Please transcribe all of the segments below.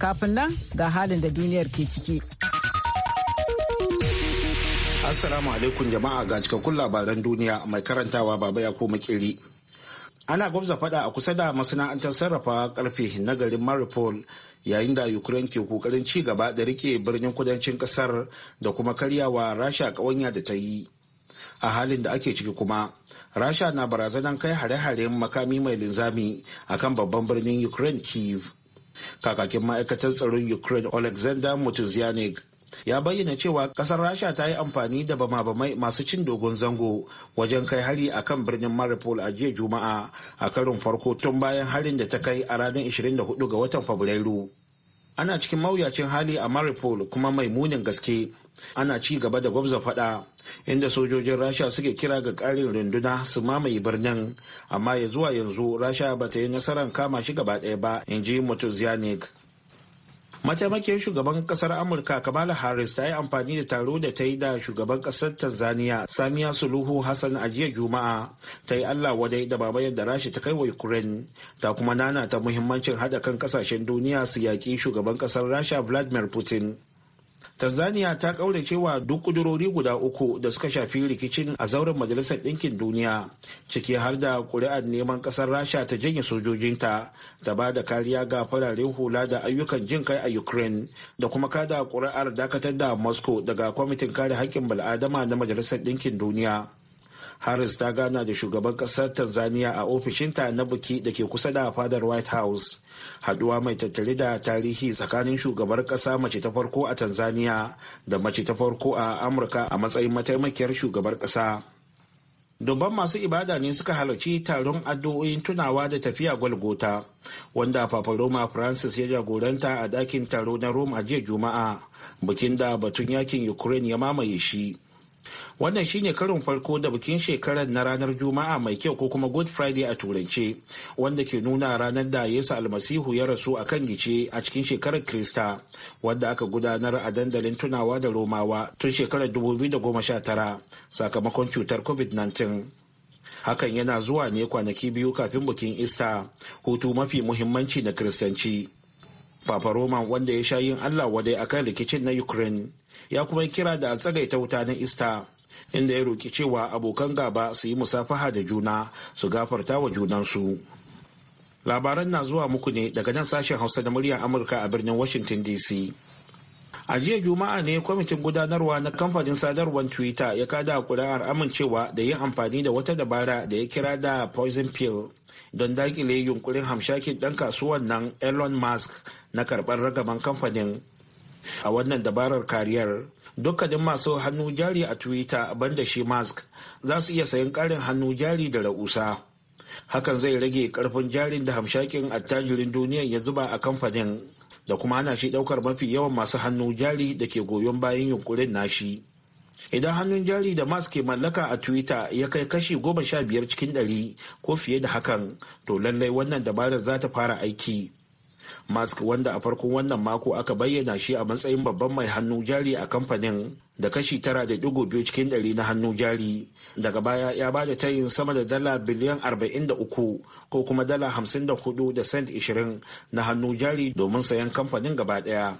Kafin nan ga halin da duniyar ke ciki. Assalamu alaikum jama'a ga cikakkun labaran duniya mai karantawa baba ya koma kiri. Ana gwamza faɗa a kusa da masana'antar sarrafa karfe na garin Maripol yayin da Ukraine ke kokarin ci gaba da rike birnin kudancin ƙasar da kuma karyawa Rasha ƙawanya da ta yi. A halin da ake ciki kuma, Rasha na barazanan kai hare-haren makami mai linzami akan babban birnin Ukraine Kiev. kakakin ma'aikatar tsaron ukraine alexander mutuzianik ya bayyana cewa kasar rasha ta yi amfani da bama-bamai masu cin dogon zango wajen kai hari a kan birnin maripol a jiya juma'a a karin farko tun bayan harin da ta kai a ranar 24 ga watan fabrairu ana cikin mawuyacin hali a maripol kuma mai munin gaske ana ci gaba da gwabza fada inda sojojin rasha suke kira ga karin runduna su mamaye birnin amma ya zuwa yanzu rasha ba ta yi nasarar kama shi gaba ɗaya ba in ji mutuzianik mataimakin shugaban kasar amurka kamala harris ta yi amfani da taro da ta yi da shugaban kasar tanzania samiya suluhu hassan a jiya juma'a ta yi allah wadai da baba da rashi ta kai wa ukraine ta kuma nana ta muhimmancin haɗa kan kasashen duniya su yaƙi shugaban kasar rasha vladimir putin tanzania ta kaure cewa duk kudurori guda uku da suka shafi rikicin a zauren majalisar ɗinkin duniya ciki har da ƙuri'ar neman ƙasar rasha ta janye sojojinta ta ba da kariya ga fararen hula da ayyukan jin kai a ukraine da kuma kada ƙuri'ar dakatar da moscow daga kwamitin kare haƙƙin bal'adama na majalisar ɗinkin duniya harris ta gana da shugaban kasar tanzania a ofishinta na buki da ke kusa da fadar white house haduwa mai tattali da tarihi tsakanin shugabar kasa mace ta farko a tanzania da mace ta farko a amurka a matsayin mataimakiyar shugabar kasa dubban masu ibada ne suka halarci taron addu'o'in tunawa da tafiya gwalgota wanda Papa Roma francis ya jagoranta a dakin taro na rome a jiya juma'a bikin da batun yakin ukraine ya mamaye shi Wannan shine karin farko da bikin shekarar na ranar Juma'a mai kyau ko kuma Good Friday a turance, wanda ke nuna ranar da Yesu Almasihu ya rasu a kan gice a cikin shekarar Krista, wanda aka gudanar a dandalin tunawa da Romawa tun shekarar 2019 sakamakon cutar COVID-19. Hakan yana zuwa ne kwanaki biyu kafin bikin Ista, hutu mafi muhimmanci na Kiristanci. Papa Roman wanda ya sha yin Allah wadai akan rikicin na Ukraine ya kuma kira da a tsagaita wuta na ista inda ya roki cewa abokan gaba su yi musafaha da juna su gafarta wa junansu labaran na zuwa muku ne daga nan sashen hausa da muryar amurka a birnin washington dc a jiya juma'a ne kwamitin gudanarwa na kamfanin sadarwar twitter ya kada kuri'ar amincewa da yin amfani da wata dabara da ya kira da poison pill don dakile yunkurin hamshakin dan kasuwan nan elon musk na karbar ragaman kamfanin a wannan dabarar kariyar dukkanin masu hannu jari a twitter banda shi mask za su iya sayan karin hannu jari da ra'usa hakan zai rage karfin jarin da hamshakin attajirin duniya ya zuba a kamfanin da kuma ana shi daukar mafi yawan masu hannu jari da ke goyon bayan yunkurin nashi idan hannun jari da mask ke mallaka a twitter ya kai kashi goma sha biyar cikin ɗari ko fiye da hakan to lallai wannan dabarar za ta fara aiki musk wanda a farkon wannan mako aka bayyana shi a matsayin babban mai hannu jari a kamfanin da kashi tara da digo biyu cikin ɗari na hannu jari daga baya ya ba da tayin sama da dala biliyan arba'in da uku ko kuma dala hamsin da hudu da cent ishirin na hannu jari domin sayan kamfanin gaba ɗaya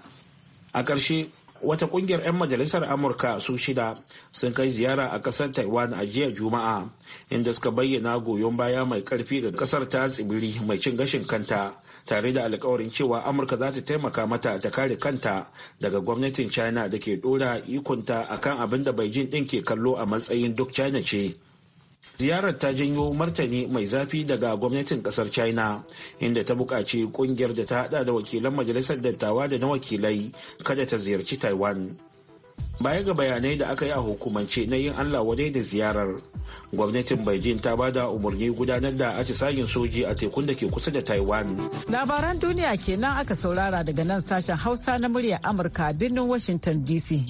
a ƙarshe wata ƙungiyar 'yan majalisar amurka su shida sun kai ziyara a ƙasar taiwan a jiya juma'a inda suka bayyana goyon baya mai karfi ga ƙasar ta tsibiri mai cin gashin kanta tare da alkawarin cewa amurka za ta taimaka mata ta kare kanta daga gwamnatin china da ke dora ikonta akan abin da beijing din ke kallo a matsayin duk china ce ziyarar ta janyo martani mai zafi daga gwamnatin kasar china inda ta buƙaci kungiyar da ta hada da wakilan majalisar dattawa da na wakilai kada ta ziyarci taiwan baya ga bayanai da aka yi a hukumance na yin allah wadai da ziyarar gwamnatin beijing ta ba da umarni gudanar da atisayin soji a tekun da ke kusa da taiwan labaran duniya kenan aka saurara daga nan sashen hausa na murya amurka birnin washington dc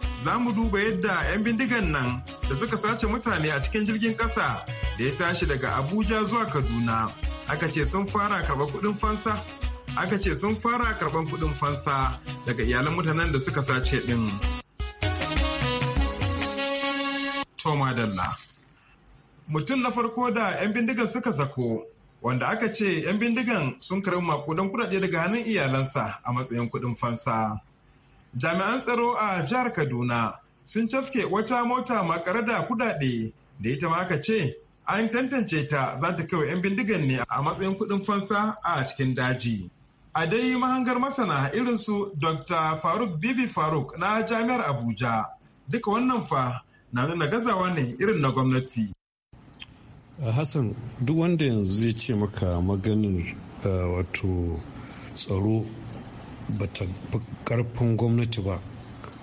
za mu duba yadda 'yan bindigan nan da suka sace mutane a cikin jirgin ƙasa da ya tashi daga Abuja zuwa Kaduna. Aka ce sun fara karɓar kuɗin fansa. Aka ce sun fara karɓar kuɗin fansa daga iyalan mutanen da suka sace ɗin. Toma Dalla. Mutum na farko da 'yan bindigan suka sako wanda aka ce 'yan bindigan sun karɓi makudan kuɗaɗe daga hannun iyalansa a matsayin kuɗin fansa. jami'an tsaro a jihar kaduna sun cafke wata mota makare da kudade da ita ma aka ce an tantance ta za ta kai 'yan bindigan ne a matsayin kudin fansa a cikin daji a dai mahangar masana irin su dr faruk bibi faruk na jami'ar abuja duka wannan fa na nuna gazawa ne irin na gwamnati hassan duk wanda yanzu zai ce maka maganin eh, wato tsaro ba bata karfin gwamnati ba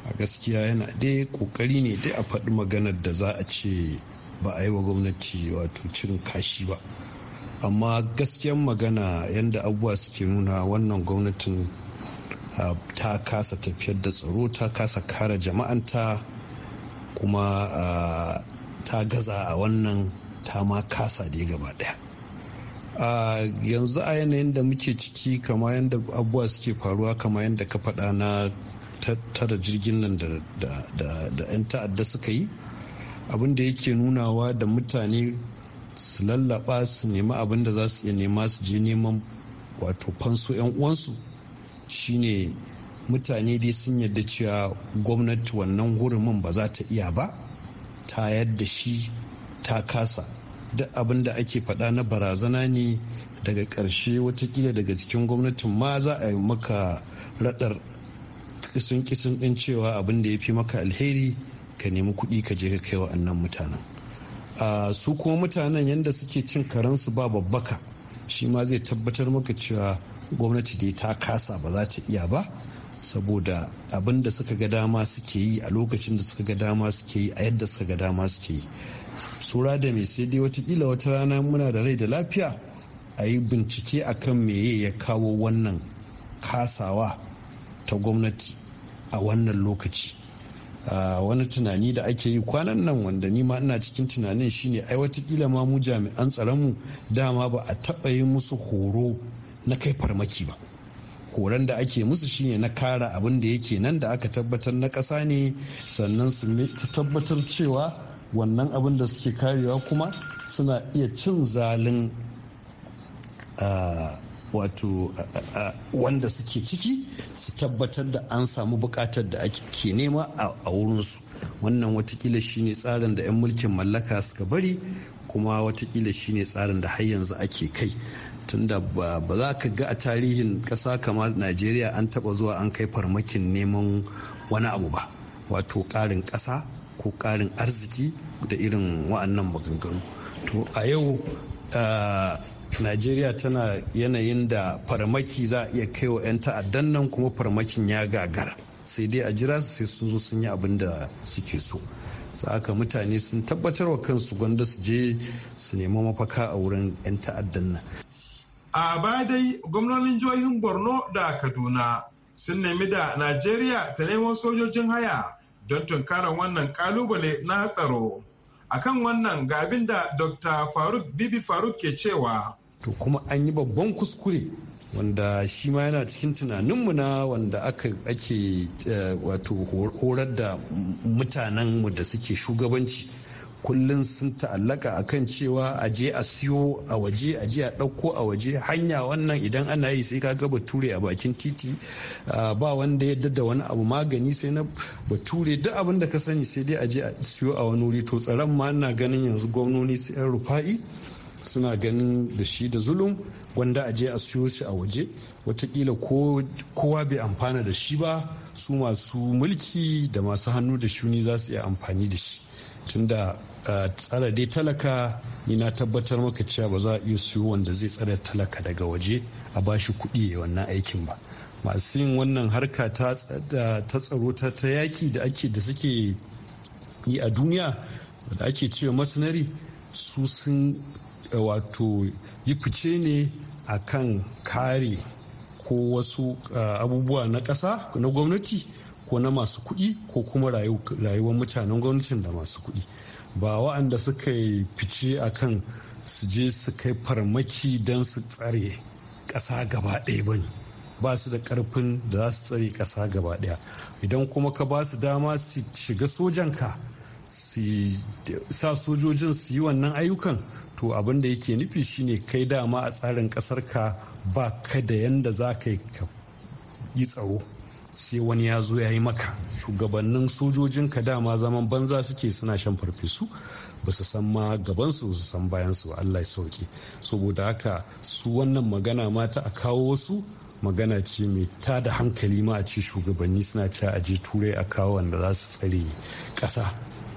a gaskiya yana dai kokari ne dai a faɗi maganar da za a ce ba a yi wa gwamnati wato cin kashi ba amma gaskiyan magana yadda abubuwa suke nuna wannan gwamnatin ta kasa tafiyar da tsaro ta kasa kare jama'anta kuma ta gaza a wannan ta ma kasa dai gaba daya a yanzu a yanayin da muke ciki kama yadda abubuwa suke faruwa kama yadda ka faɗa na tattara jirgin nan da 'yan ta'adda suka yi abin da yake nunawa da mutane su lallaba su nemi abin da za su iya nema su je neman wato fansu 'yan uwansu shine mutane dai sun yadda cewa gwamnati wannan hurumin ba za ta iya ba ta yadda shi ta kasa duk abin da ake faɗa na barazana ne daga ƙarshe watakila daga cikin gwamnatin ma za a yi maka raɗar ƙisun kisin ɗin cewa abin da ya fi maka alheri ka nemi kuɗi ka je ka kai wa mutanen su kuma mutanen yadda suke cin karensu ba babbaka shi ma zai tabbatar maka cewa gwamnati dai ta kasa ba za ta iya ba saboda abin da suka ga dama suke yi a lokacin da suka ga dama suke yi a yadda suka ga dama suke yi sura da mai sai dai watakila wata rana muna da rai da lafiya a yi bincike a kan meye ya kawo wannan kasawa ta gwamnati a wannan lokaci wani tunani da ake yi kwanan nan wanda ni ma ina cikin tunanin shine ai watakila ma mu jami'an tsaronmu dama ba a taɓa yi musu horo na kai farmaki ba horon da ake musu shine na kara abin da yake nan da aka tabbatar na ƙasa ne sannan su tabbatar cewa wannan abin da suke karewa kuma suna iya cin zalin wato wanda suke ciki su tabbatar da an samu bukatar da ake nema a wurinsu wannan watakila shine tsarin da 'yan mulkin mallaka suka bari kuma watakila shine tsarin da har yanzu ake kai tunda ba za ka ga a tarihin ƙasa kama najeriya an taba zuwa an kai farmakin neman wani abu ba wato ƙarin ƙasa ko ƙarin arziki da irin wa'annan maganganu to a yau najeriya tana yanayin da farmaki za a iya kai wa 'yan ta'addan nan kuma farmakin ya gagara sai dai a jira su sai sun zo sun yi abin da suke so haka mutane sun tabbatar wa kansu gwanda su je su nemi mafaka a wurin 'yan ta'addan nan a baya dai gwamnonin jihohin borno da kaduna sun nemi da najeriya ta nemo sojojin haya don tunkarar wannan kalubale na tsaro. Akan wannan ga abin da Dr. Faruk Bibi Faruk ke cewa. To kuma an yi babban kuskure wanda shi ma yana cikin tunaninmu na wanda ake eh, wato horar da mutanenmu da suke shugabanci. kullum sun ta'allaka a kan cewa a je a siyo a waje a je a ɗauko a waje hanya wannan idan ana yi sai ka kaga bature a bakin titi ba wanda ya da wani abu magani sai na bature duk abin da ka sani sai dai a je a siyo a wani wuri to tsaron ma ina ganin yanzu gwamnoni su yan rufa'i suna ganin da shi da zulum wanda a je a siyo shi a waje watakila kowa bai amfana da shi ba su masu mulki da masu hannu da shuni za su iya amfani da shi tunda uh, tsare dai talaka ni na tabbatar maka cewa ba za a iya siyo wanda zai tsare talaka daga waje a bashi kuɗi ya wannan aikin ba masu yin wannan harka ta tsaro ta ta yaki da ake da suke yi a duniya da ake cewa masanari su sun uh, wato yi fice ne a kan kare ko wasu uh, abubuwa na ƙasa na gwamnati ko na masu kuɗi ko kuma rayuwar mutanen gwamnatin da masu kuɗi ba wa'anda suka yi fice a kan su je su kai farmaki don su tsare ƙasa gaba ɗaya ba ba su da ƙarfin da za su tsare ƙasa gaba ɗaya idan kuma ka ba su dama su shiga sojanka su sa sojojin su yi wannan ayyukan to abin da yake nufi shine kai dama a tsarin ƙasar ka ba ka da yanda za ka yi tsaro sai wani ya zo ya yi maka shugabannin sojojinka dama zaman banza suke suna shan farfesu ba su san ma gabansu su san bayansu allah ya sauke saboda haka su wannan magana mata a kawo wasu magana ce mai ta da hankali ma a ce shugabanni suna ci a je turai a kawo wanda za su tsare ƙasa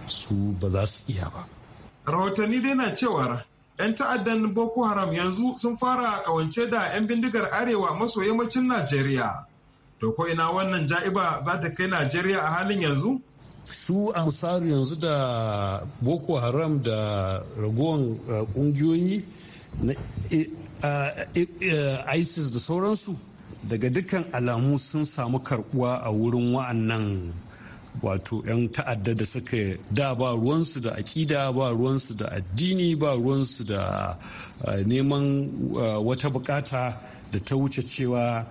su ba za su iya ba rahotanni dai na cewa 'yan ta'addan boko haram yanzu sun fara kawance da 'yan bindigar arewa maso yammacin najeriya to ko ina wannan ja'iba za ta kai najeriya a halin yanzu su ansaru yanzu da boko haram da ragowar kungiyoyi uh, na uh, uh, isis da sauransu daga dukkan alamu sun samu karbuwa a wurin wa'annan wato 'yan ta'adda da suka da ba ruwansu da aƙida ba ruwansu da addini ba ruwansu da eh, neman eh, wata bukata da ta wuce cewa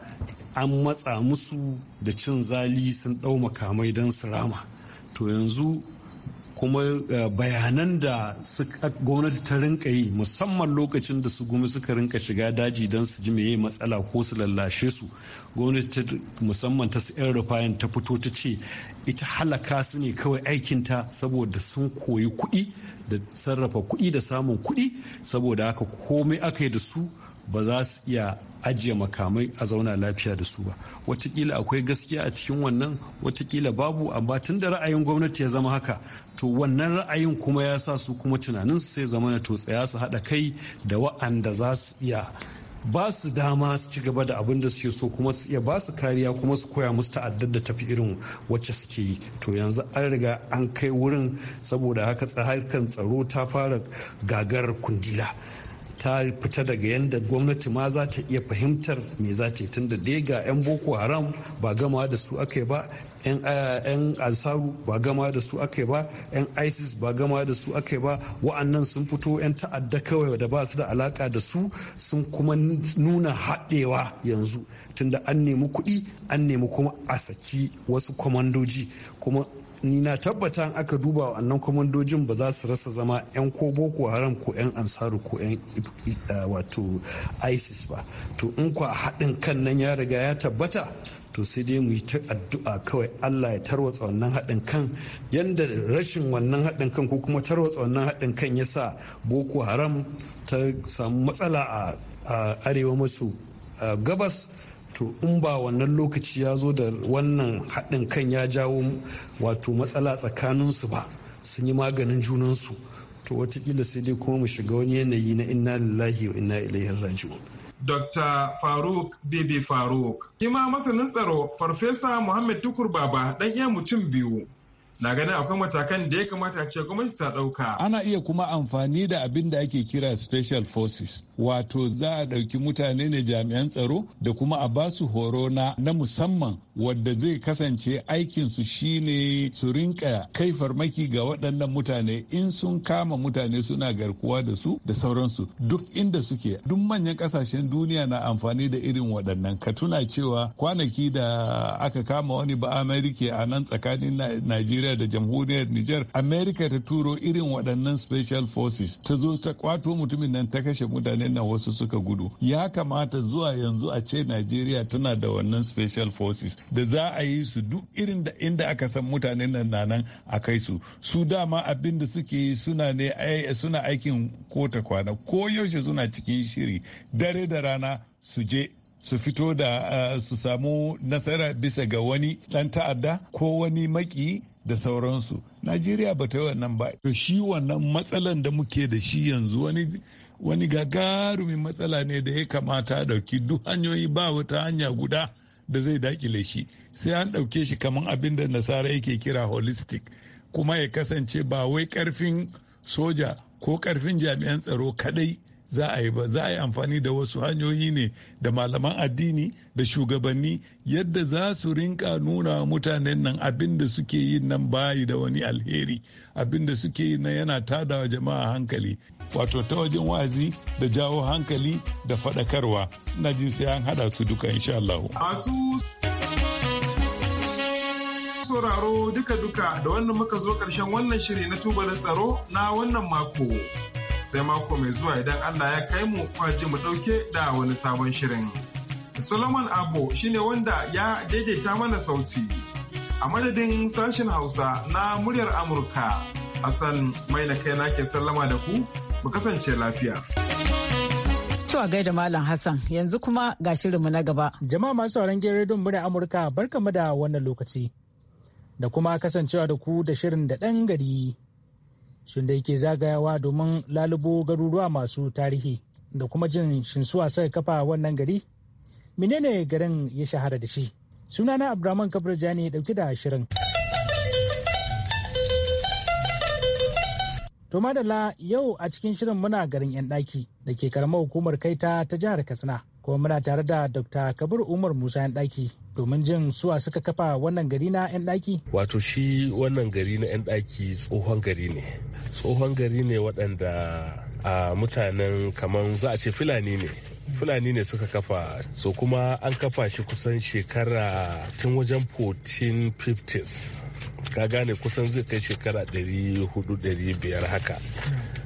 an matsa musu da cin zali sun ɗau makamai don su rama to yanzu kuma eh, bayanan da gwamnati ta rinka yi musamman lokacin da su gumi suka rinka shiga daji don su ji meye matsala ko su lallashe su gwamnati musamman ta su 'yan rufayin ta fito ta ce ita halaka su ne kawai aikinta saboda sun koyi kuɗi da sarrafa kuɗi da samun kuɗi saboda haka komai aka yi da su ba za su iya ajiye makamai a zauna lafiya da su ba watakila akwai gaskiya a cikin wannan watakila babu amma tun da ra'ayin gwamnati ya zama haka to wannan ra'ayin kuma ya sa su kuma tunaninsu sai zama na to tsaya su haɗa kai da wa'anda za su iya ba su dama su ci gaba da abin da suke so kuma su iya ba su kariya kuma su koya musu ta'addar da tafi irin wacce suke yi to yanzu an riga an kai wurin saboda haka tsarkan tsaro ta fara gagar kundila ta fita daga yadda gwamnati ma za ta iya fahimtar me za ta yi tunda dai ga 'yan boko haram ba gama da su aka yi ba 'yan ansaru ba gama da su aka yi ba 'yan isis ba gama da su aka yi ba wa'annan sun fito 'yan ta'adda kawai da ba su da alaka da su sun kuma nuna haɗewa yanzu tunda an nemi kuɗi an nemi kuma a saki wasu kwamandoji kuma ni na tabbata aka duba wannan kwamandojin ba za su rasa zama 'yan ko boko haram ko 'yan ansaru ko 'yan eh, wato isis ba to in kwa haɗin kan nan ya riga ya tabbata to sai dai mu yi ta addu'a kawai allah ya tarwatsa wannan haɗin kan yadda rashin wannan haɗin kan ko kuma tarwatsa wannan haɗin kan ya sa boko haram ta samu matsala a arewa maso gabas to in ba wannan lokaci ya zo da wannan haɗin kan ya jawo wato matsala tsakaninsu ba sun yi maganin junansu to watakila sai dai kuma mu shiga wani yanayi na inna lillahi wa inna ilaihi raji'un Dr. Faruk Bibi Faruk. Kima masanin tsaro Farfesa Muhammad Tukur Baba ɗan iya mutum biyu na ganin akwai matakan da ya kamata ce gwamnati ta dauka. Ana iya kuma amfani da abin da ake kira special forces wato za a ɗauki mutane ne jami'an tsaro da kuma a ba su horo na na musamman wadda zai kasance aikin su shine su rinka kai farmaki ga waɗannan mutane in sun kama mutane suna garkuwa da su da sauransu duk inda suke duk manyan ƙasashen duniya na amfani da irin waɗannan ka tuna cewa kwanaki da aka kama wani ba amerika a nan tsakanin najeriya Nijar da jamhuriyar Nijar Amerika ta turo irin waɗannan special forces ta zo ta kwato mutumin nan ta kashe mutanen nan wasu suka gudu ya kamata zuwa yanzu a ce Najeriya tana da wannan special forces da za a yi su duk irin da inda aka san mutanen nan na nan a kai su su dama abin da suke yi suna ne suna aikin ta kwana ko yaushe suna cikin shiri dare da rana su je su fito da eh, su samu nasara bisa ga wani ɗan ta'adda ko wani maki da sauransu najeriya ba ta yi wannan ba to shi wannan matsalan da muke da shi yanzu wani wani gagarumin matsala ne da ya kamata a ɗauki duk hanyoyi ba wata hanya guda da zai dakile shi sai an ɗauke shi kamar abin da nasara yake kira holistic kuma ya kasance ba wai ƙarfin soja ko karfin jami'an tsaro kadai za a yi ba za a yi amfani da wasu hanyoyi ne da malaman addini da shugabanni yadda za su rinka nuna mutanen nan abin da suke yi nan bayi da wani alheri abin da suke yi nan yana tada jama'a hankali wato ta wajen wazi da jawo hankali da faɗakarwa ina jin sai an haɗa su duka insha Allah. sauraro duka-duka da wannan muka zo ƙarshen wannan shiri na tuba tubalin tsaro na wannan mako sai mako mai zuwa idan Allah ya kai mu kwaji mu dauke da wani sabon shirin. Solomon Abo shine wanda ya daidaita mana sauti. A madadin sashen Hausa na muryar Amurka, Hassan mai na kai nake sallama da ku, mu kasance lafiya. To a gaida Malam Hassan yanzu kuma ga shirinmu na gaba. Jama'a masu sauran gerin don muryar Amurka barkamu da wannan lokaci. Da kuma kasancewa da ku da shirin da ɗan gari. sun da yake zagayawa domin lalubo garuruwa masu tarihi da kuma jin shinsuwa suka kafa wannan gari menene garin ya shahara da shi sunana abraman kabir jani dauke da shirin To madalla yau a cikin shirin muna garin 'yan daki da ke karamar hukumar kaita ta jihar Katsina. Kuma muna tare da Dr. Kabir Umar Musa 'yan daki. domin jin suwa suka kafa wannan gari na 'yan ɗaki? Wato shi wannan gari na 'yan ɗaki tsohon gari ne. Tsohon gari ne waɗanda a mutanen kamar za a ce Fulani ne. Fulani ne suka kafa so kuma an kafa shi kusan shekara tun wajen 1450s. Ka gane kusan zai kai shekara 400-500 haka.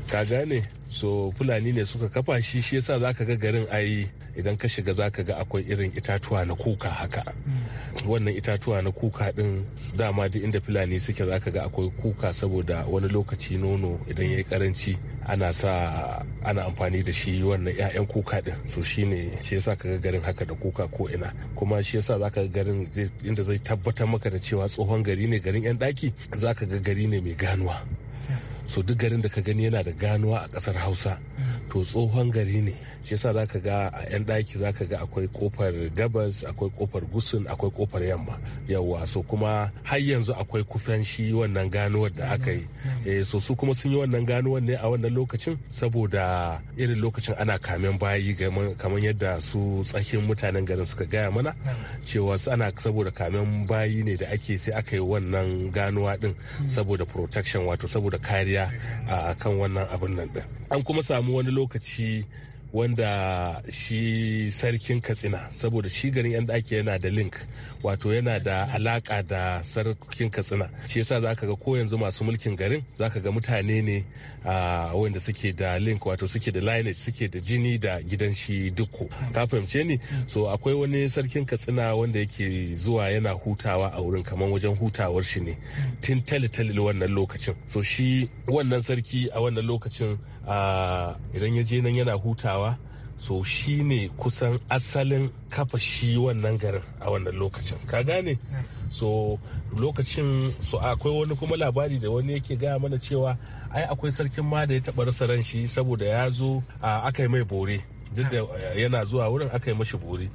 ka gane so fulani ne suka kafa shi shi yasa ka ga garin ayi idan ka shiga za ka ga akwai irin itatuwa na kuka haka hmm. wannan itatuwa na kuka din dama duk inda fulani suke za ka ga akwai kuka saboda wani lokaci nono idan ya yi karanci ana sa ana amfani da shi wannan 'ya'yan kuka din so shi ne shi yasa ka ga garin haka da kuka ko ina kuma shi yasa ka ga garin inda zai tabbatar maka da cewa tsohon gari ne garin 'yan daki za ka ga gari ne mai ganuwa so duk garin da ka gani yana da ganuwa a kasar hausa wato tsohon gari ne shi yasa zaka ga a yan daki zaka ga akwai kofar gabas akwai kofar gusun akwai kofar yamma yawa so kuma har yanzu akwai kufen shi wannan ganuwar da aka yi mm-hmm. eh, so su kuma sun yi wannan ganuwar ne a wannan lokacin saboda irin lokacin ana kamen bayi kamar yadda su tsakin mutanen garin suka gaya mana mm-hmm. cewa su ana saboda kamen bayi ne da ake sai aka yi wannan ganuwa din mm-hmm. saboda protection wato saboda kariya a kan wannan abin nan din an kuma samu wani lokacin lokaci wanda shi sarkin katsina saboda shi garin yan daki yana da link wato yana da alaka da sarkin katsina shi yasa za ka ga ko yanzu masu mulkin garin za ka ga mutane ne wanda suke da link wato suke da lineage suke da jini da gidan shi dukko ka fahimce ni so akwai wani sarkin katsina wanda yake zuwa yana hutawa a wurin kamar wajen hutawar shi ne tun tali tali wannan lokacin so shi wannan sarki a wannan lokacin idan ya je nan yana hutawa tunawa so shi ne kusan asalin kafa shi wannan garin a wannan lokacin ka gane so lokacin so akwai wani kuma labari da wani yake gaya mana cewa ai akwai sarkin ma da ya taɓa rasa ran shi saboda ya zo aka yi mai bore duk da yana zuwa wurin aka yi mashi bore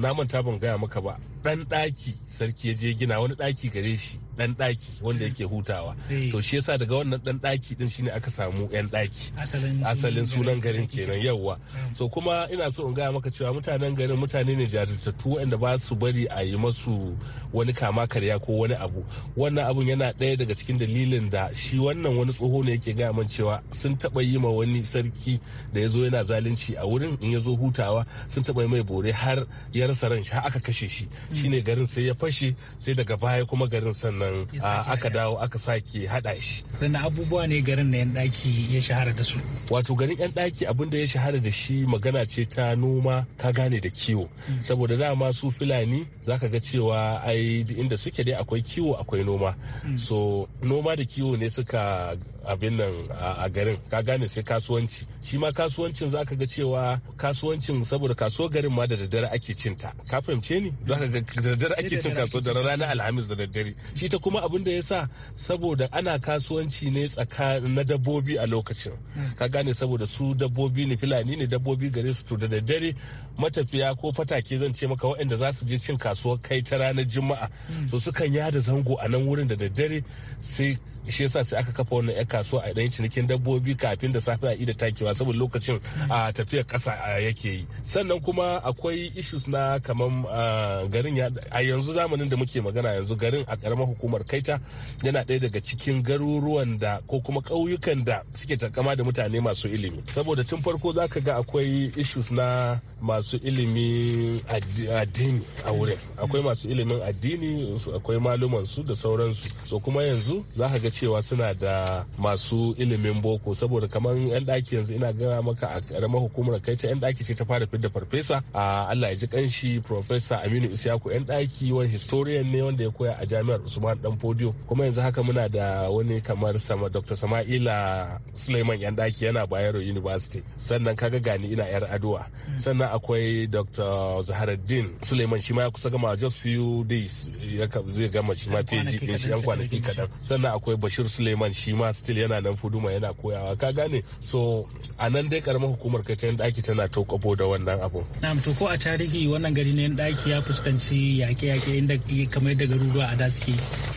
na manta ban gaya maka ba dan ɗaki sarki ya je gina wani ɗaki gare shi dan ɗaki wanda yake hutawa eh. to shi yasa daga wannan dan ɗaki din shine aka samu yan ɗaki asalin sunan garin kenan yawwa hmm. so kuma ina so in gaya maka cewa mutanen garin mutane ne jajirtattu wanda ba su bari a yi masu wani kama karya ko wani abu wannan abun yana ɗaya daga cikin dalilin da shi wannan wani tsoho ne yake gaya man cewa sun taba yi ma wani sarki da ya zo yana zalunci a wurin in ya zo hutawa sun taba yi mai bore har ya rasa ran shi har aka kashe shi shine garin sai ya fashe sai daga baya kuma garin sannan aka dawo aka sake hada shi sannan abubuwa ne garin na yan daki ya shahara da su wato garin yan daki abin da ya shahara da shi magana ce ta noma ka gane da kiwo hmm. saboda dama su fulani zaka ga cewa ai inda suke dai akwai kiwo akwai noma hmm. so noma da kiwo ne suka abin nan a garin ka gane sai kasuwanci shi ma kasuwancin zaka ga cewa kasuwancin saboda kaso garin ma da daddare ake cin ta ka fahimce ni zaka ga da daddare ake cin kaso da ranar alhamis da daddare shi ta kuma abin da sa saboda ana kasuwanci ne tsakanin na dabbobi a lokacin hmm. ka gane saboda su dabbobi ne fulani ne dabbobi gare su to da daddare matafiya ko fatake zan ce maka waɗanda za su je cin kasuwar kai ta ranar juma'a so sukan yada zango a nan wurin da daddare sai shi yasa sai aka kafa wannan 'yan kasuwa a ɗan cinikin dabbobi kafin da safe a ida takewa saboda lokacin a tafiyar ƙasa yake yi sannan kuma akwai issues na kamar garin a yanzu zamanin da muke magana yanzu garin a ƙaramar hukumar kaita yana ɗaya daga cikin garuruwan da ko kuma ƙauyukan da suke takama da mutane masu ilimi saboda tun farko za ka ga akwai issues na masu ilimin addini a wurin akwai masu ilimin addini akwai maluman su da sauransu so kuma yanzu za ka ga cewa suna da masu ilimin boko saboda kamar yan daki yanzu ina gaya maka a karamar hukumar kai ta yan daki ce ta fara fidda farfesa a Allah ya ji kanshi professor Aminu isyaku yan daki wani historian ne wanda ya koya a jami'ar Usman Dan Fodio kuma yanzu haka muna da wani kamar sama Dr. Sama'ila Suleiman yan daki yana Bayero University sannan kaga gani ina yar Adua hmm. sannan akwai dr zaharaddin suleiman shi ma ya kusa gama just few days zai gama shi ma shi yan kwanaki kadan sannan akwai bashir suleiman shi ma still yana nan fuduma yana koyawa ka gane so a nan dai karamar hukumar kai ta yan daki tana to da wannan abu na'am to ko a tarihi wannan gari na yan daki ya fuskanci yaƙe-yaƙe inda kamar yadda garuruwa a da suke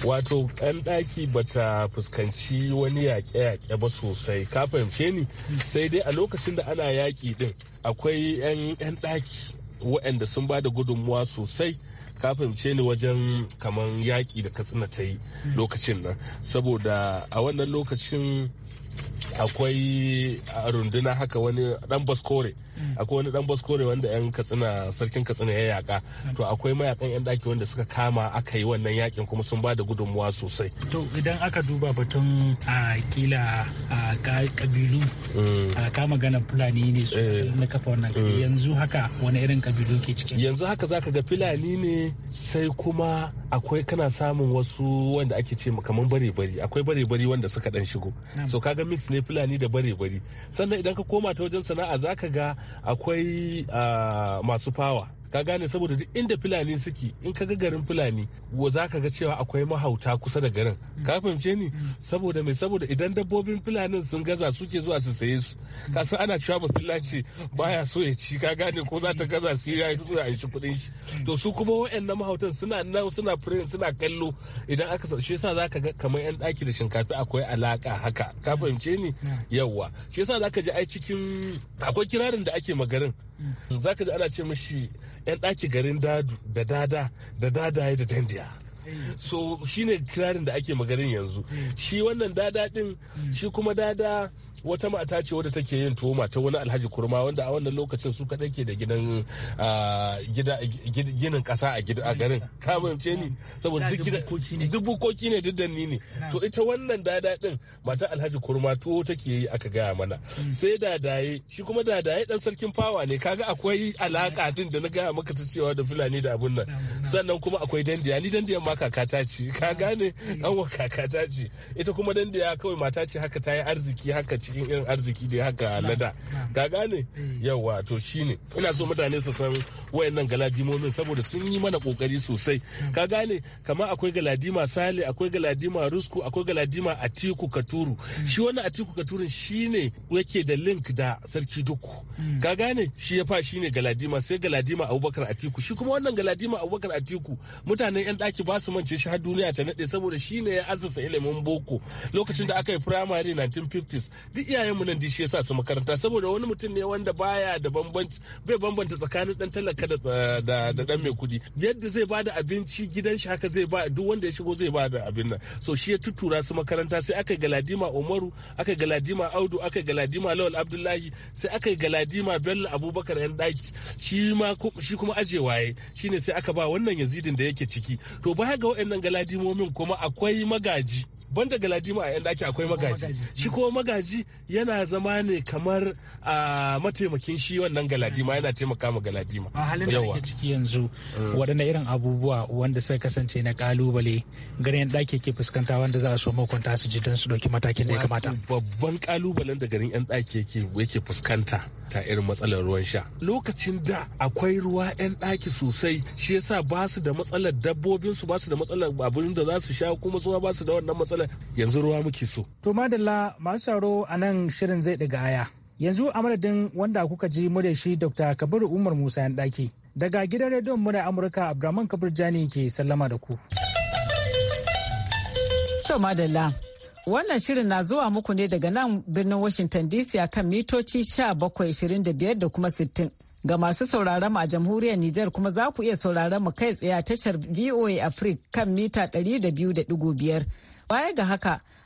wato yan daki bata fuskanci wani yaƙe-yaƙe ba sosai ka fahimce ni hmm. sai dai a lokacin da ana yaƙi din akwai 'yan 'yan ɗaki waɗanda sun ba da gudunmuwa sosai ka fahimce ni wajen kaman yaƙi da katsina ta yi lokacin nan saboda a wannan lokacin akwai runduna haka wani ɗan baskore akwai wani dan baskore wanda yan katsina sarkin katsina ya yaka to akwai mayakan yan daki wanda suka kama aka yi wannan yakin kuma sun bada da gudunmuwa sosai to idan aka duba batun a kila a kabilu mm. a kama gana fulani ne eh. na kafa wannan mm. yanzu haka wani irin kabilu ke cikin yanzu haka zaka ga fulani ne sai kuma akwai kana samun wasu wanda ake ce kamar bare bari akwai bare bari wanda suka dan shigo so kaga mix ne fulani da bare bari sannan idan ka koma ta wajen sana'a zaka ga akwai ah, masu fawa ka gane saboda duk inda fulani suke in ka ga garin fulani wa za ka ga cewa akwai mahauta kusa da garin ka fahimce ni saboda mai saboda idan dabbobin fulanin sun gaza suke zuwa su saye su ka san ana cewa ba filaci baya so ya ci ka gane ko za ta gaza su ya yi ya shi kuɗin shi to su kuma na mahautan suna nan suna firin suna kallo idan aka shi yasa za ka ga kamar yan daki da shinkafa akwai alaka haka ka fahimce ni yawwa shi yasa za ka ji ai cikin akwai kirarin da ake ma garin. za ka ji ana ce mashi 'yan ɗaki garin dadu da dada da dadaye da dandiya so shine kirarin da ake maganin yanzu shi wannan dada din shi kuma dada wata mata ce wadda take yin tuwo mata wani alhaji kurma wanda a wannan lokacin su kaɗai ke da gidan ginin ƙasa a garin ka fahimce ni saboda duk bukoki ne duk danni ne to ita wannan dada din mata alhaji kurma tuwo take yi aka gaya mana mm. sai dadaye shi kuma dadaye dan sarkin fawa ne kaga akwai alaka din da na gaya maka ta cewa da fulani da abun nan sannan kuma akwai dandiya ni dandiyan ma kakata ce ka gane kaka mm. kakata ce ita kuma dandiya kawai mata ce haka ta yi arziki haka ci cikin irin arziki da haka lada ka gane eh. yawa to shine ina so mutane su san wayannan galadimomin saboda sun yi mana kokari sosai hmm. ka gane kama akwai galadima sale akwai galadima rusku akwai galadima atiku katuru hmm. shi wannan atiku katurun shine yake da link da sarki duku hmm. ka gane shi ya fa shine galadima sai galadima abubakar atiku shi kuma wannan galadima abubakar atiku mutanen yan daki ba su mance shi har duniya ta nade saboda ne ya assasa ilimin boko lokacin da aka yi primary 1950s duk iyayenmu nan shi yasa su makaranta saboda wani mutum ne wanda baya da bambanci bai bambanta tsakanin dan talaka da da dan mai kudi yadda zai bada abinci gidan shi haka zai ba duk wanda ya shigo zai bada abin nan so shi ya tutura su makaranta sai aka galadima Umaru aka galadima Audu aka galadima Lawal Abdullahi sai aka galadima Bello Abubakar yan daki shi ma shi kuma aje waye shine sai aka ba wannan yazidin da yake ciki to baya ga waɗannan galadimomin kuma akwai magaji banda galadima a yan daki akwai magaji shi kuma magaji yana zama ne kamar a mataimakin shi wannan galadima yana taimaka ma galadima a halin da ke ciki yanzu mm. waɗanda irin abubuwa wanda suka kasance na kalubale garin yan ɗaki ke fuskanta wanda za a so makwanta su ji don su ɗauki matakin da ya kamata babban kalubalen da garin yan ɗaki yake fuskanta ta irin matsalar ruwan sha lokacin da akwai ruwa yan ɗaki sosai shi yasa ba su da matsalar dabbobin su ba su da matsalar abin da za su sha kuma su ba su da wannan matsalar yanzu ruwa muke so to madalla masu anan shirin zai ɗiga aya. Yanzu a madadin wanda kuka ji mu shi Dr. Kabir Umar Musa yan ɗaki. Daga gidan rediyon mu Amurka Abdulrahman Kabir Jani ke sallama da ku. Kyau madalla. Wannan shirin na zuwa muku ne daga nan birnin Washington DC a kan mitoci sha bakwai 1725 da biyar da kuma sittin, Ga masu sauraron mu a jamhuriyar Nijar kuma za ku iya sauraron mu kai tsaye a tashar VOA Africa kan mita ɗari da da biyu biyar. Baya ga haka,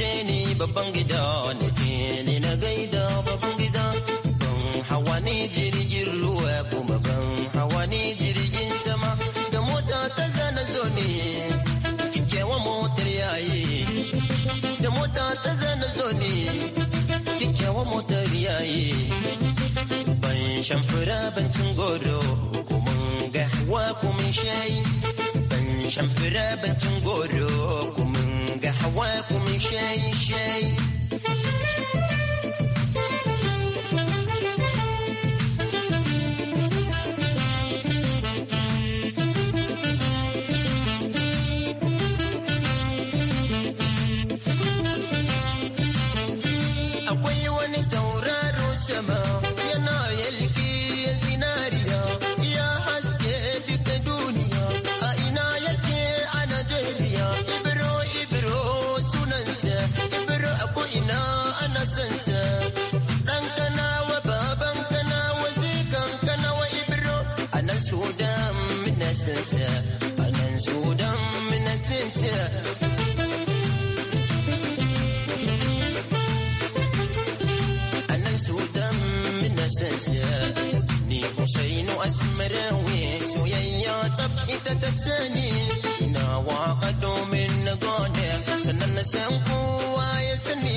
je ni babban gida na je ni na gaida babban gida ban hawa ni jirgin ruwa kuma ban hawa ni jirgin sama da mota ta zana zo ne kikewa motar yayi da mota ta zana zo ne kikewa motar yayi ban shan fura ban cin goro kuma ga hawa kuma shayi shamfira bancin goro kuma ga hawa kuma shayi shayi ni Husainu Asmarawi soyayya tsaf ita ta sani ina waka domin na gode sannan na san kowa ya sani